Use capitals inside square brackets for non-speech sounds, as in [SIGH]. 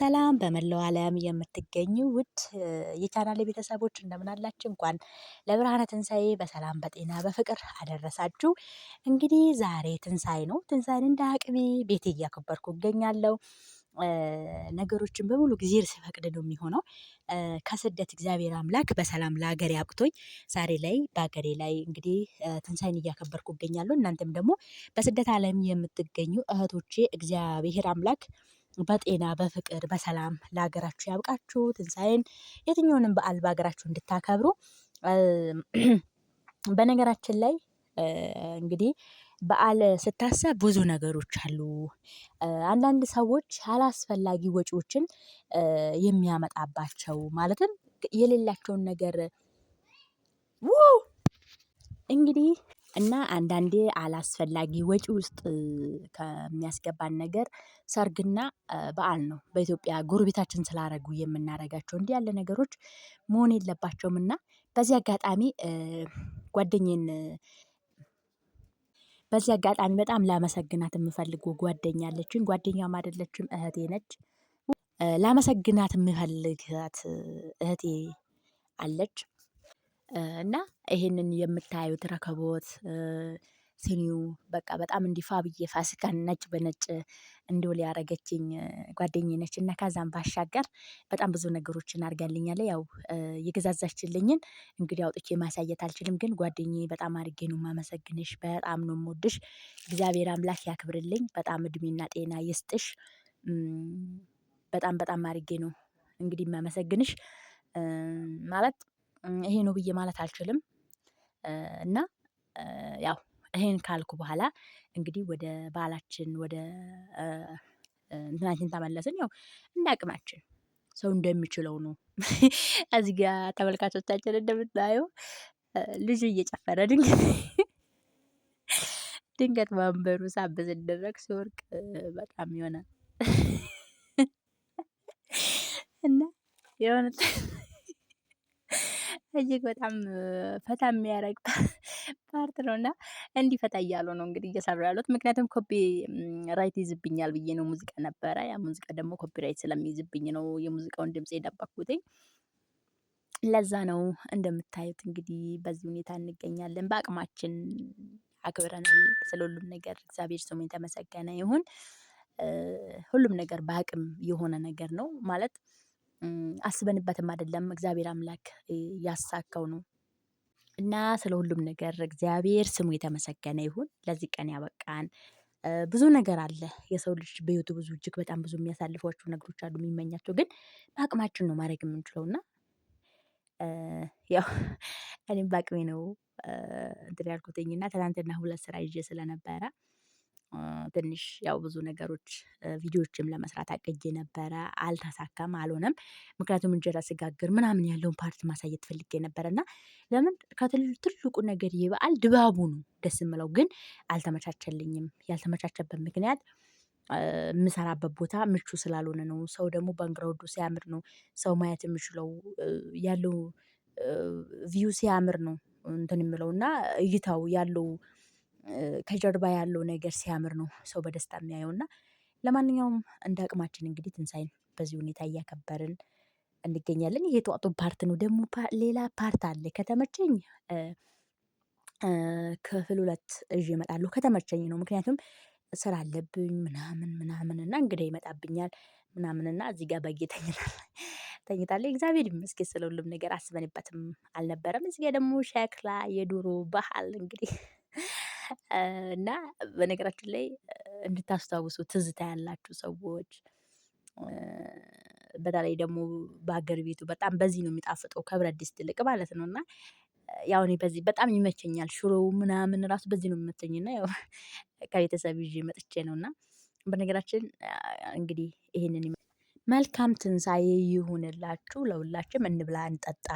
ሰላም በመላው ዓለም የምትገኙ ውድ የቻናል ቤተሰቦች እንደምን አላችሁ? እንኳን ለብርሃነ ትንሣኤ በሰላም በጤና በፍቅር አደረሳችሁ። እንግዲህ ዛሬ ትንሣኤ ነው። ትንሣኤን እንደ አቅሜ ቤት እያከበርኩ እገኛለሁ። ነገሮችን በሙሉ ጊዜ ሲፈቅድ ነው የሚሆነው። ከስደት እግዚአብሔር አምላክ በሰላም ለሀገሬ አብቅቶኝ ዛሬ ላይ በሀገሬ ላይ እንግዲህ ትንሣኤን እያከበርኩ እገኛለሁ። እናንተም ደግሞ በስደት ዓለም የምትገኙ እህቶቼ እግዚአብሔር አምላክ በጤና በፍቅር በሰላም ለሀገራችሁ ያብቃችሁ። ትንሣኤን የትኛውንም በዓል በሀገራችሁ እንድታከብሩ። [CLEARS THROAT] በነገራችን ላይ እንግዲህ በዓል ስታሰብ ብዙ ነገሮች አሉ። አንዳንድ ሰዎች አላስፈላጊ ወጪዎችን የሚያመጣባቸው ማለትም የሌላቸውን ነገር እንግዲህ እና አንዳንዴ አላስፈላጊ ወጪ ውስጥ ከሚያስገባን ነገር ሰርግና በዓል ነው። በኢትዮጵያ ጎረቤታችን ስላረጉ የምናረጋቸው እንዲህ ያለ ነገሮች መሆን የለባቸውም። እና በዚህ አጋጣሚ ጓደኝን በዚህ አጋጣሚ በጣም ላመሰግናት የምፈልገው ጓደኛ አለችኝ ጓደኛም አይደለችም እህቴ ነች። ላመሰግናት የምፈልጋት እህቴ አለች እና ይሄንን የምታዩት ረከቦት ሲኒው በቃ በጣም እንዲፋ ብዬ ፋሲካን ነጭ በነጭ እንዲውል ያደረገችኝ ጓደኝ ነች እና ከዛም ባሻገር በጣም ብዙ ነገሮችን አድርጋልኛለ። ያው የገዛዛችልኝን እንግዲህ አውጥቼ ማሳየት አልችልም። ግን ጓደኝ በጣም አድርጌ ነው የማመሰግንሽ በጣም ነው የምወድሽ። እግዚአብሔር አምላክ ያክብርልኝ በጣም እድሜና ጤና ይስጥሽ። በጣም በጣም አድርጌ ነው እንግዲህ የማመሰግንሽ። ማለት ይሄ ነው ብዬ ማለት አልችልም። እና ያው ይሄን ካልኩ በኋላ እንግዲህ ወደ ባህላችን ወደ እንትናችን ተመለስን ያው እንደ አቅማችን ሰው እንደሚችለው ነው። [LAUGHS] እዚህ ጋር ተመልካቾቻችን እንደምታየው ልጁ እየጨፈረ ድንገት [LAUGHS] ድንገት በወንበሩ ሳብ ስደረግ ሲወርቅ በጣም ይሆናል [LAUGHS] እና የሆነ እጅግ በጣም ፈታ የሚያደርግ ፓርት ነው እና እንዲህ ፈታ እያሉ ነው እንግዲህ እየሰሩ ያሉት። ምክንያቱም ኮፒ ራይት ይዝብኛል ብዬ ነው ሙዚቃ ነበረ። ያ ሙዚቃ ደግሞ ኮፒ ራይት ስለሚይዝብኝ ነው የሙዚቃውን ድምፅ የደባኩትኝ። ለዛ ነው እንደምታዩት እንግዲህ በዚህ ሁኔታ እንገኛለን። በአቅማችን አክብረናል። ስለ ሁሉም ነገር እግዚአብሔር ስሙ የተመሰገነ ይሁን። ሁሉም ነገር በአቅም የሆነ ነገር ነው ማለት አስበንበትም አይደለም እግዚአብሔር አምላክ ያሳካው ነው። እና ስለ ሁሉም ነገር እግዚአብሔር ስሙ የተመሰገነ ይሁን። ለዚህ ቀን ያበቃን ብዙ ነገር አለ። የሰው ልጅ በህይወቱ ብዙ እጅግ በጣም ብዙ የሚያሳልፏቸው ነገሮች አሉ፣ የሚመኛቸው ግን በአቅማችን ነው ማድረግ የምንችለው እና ያው እኔም በአቅሜ ነው እንትን ያልኩትኝ እና ትናንትና ሁለት ስራ ይዤ ስለነበረ ትንሽ ያው ብዙ ነገሮች ቪዲዮዎችም ለመስራት አቅጄ ነበረ። አልተሳካም፣ አልሆነም። ምክንያቱም እንጀራ ስጋግር ምናምን ያለውን ፓርት ማሳየት ፈልጌ ነበረ እና ለምን ከትልቁ ነገር ይህ በዓል ድባቡ ነው ደስ የምለው፣ ግን አልተመቻቸልኝም። ያልተመቻቸበት ምክንያት የምሰራበት ቦታ ምቹ ስላልሆነ ነው። ሰው ደግሞ ባክግራውንዱ ሲያምር ነው ሰው ማየት የምችለው ያለው ቪው ሲያምር ነው እንትን የምለው እና እይታው ያለው ከጀርባ ያለው ነገር ሲያምር ነው ሰው በደስታ የሚያየው። እና ለማንኛውም እንደ አቅማችን እንግዲህ ትንሳኤን በዚህ ሁኔታ እያከበርን እንገኛለን። ይሄ የጧቱ ፓርት ነው። ደግሞ ሌላ ፓርት አለ ከተመቸኝ ክፍል ሁለት ይዤ እመጣለሁ ከተመቸኝ ነው። ምክንያቱም ስራ አለብኝ ምናምን ምናምን እና እንግዳ ይመጣብኛል ምናምን እና እዚህ ጋር በጌ ተኝታለ። እግዚአብሔር ይመስገን ስለ ሁሉም ነገር አስበንበትም አልነበረም። እዚህ ጋር ደግሞ ሸክላ የዱሮ ባህል እንግዲህ እና በነገራችን ላይ እንድታስታውሱ ትዝታ ያላችሁ ሰዎች በተለይ ደግሞ በሀገር ቤቱ በጣም በዚህ ነው የሚጣፍጠው ከብረት ድስት ይልቅ ማለት ነው። እና ያው እኔ በዚህ በጣም ይመቸኛል ሽሮ ምናምን ራሱ በዚህ ነው የሚመቸኝ እና ያው ከቤተሰብ ይዤ መጥቼ ነው። እና በነገራችን እንግዲህ ይሄንን መልካም ትንሳኤ ይሁንላችሁ ለሁላችንም እንብላ እንጠጣ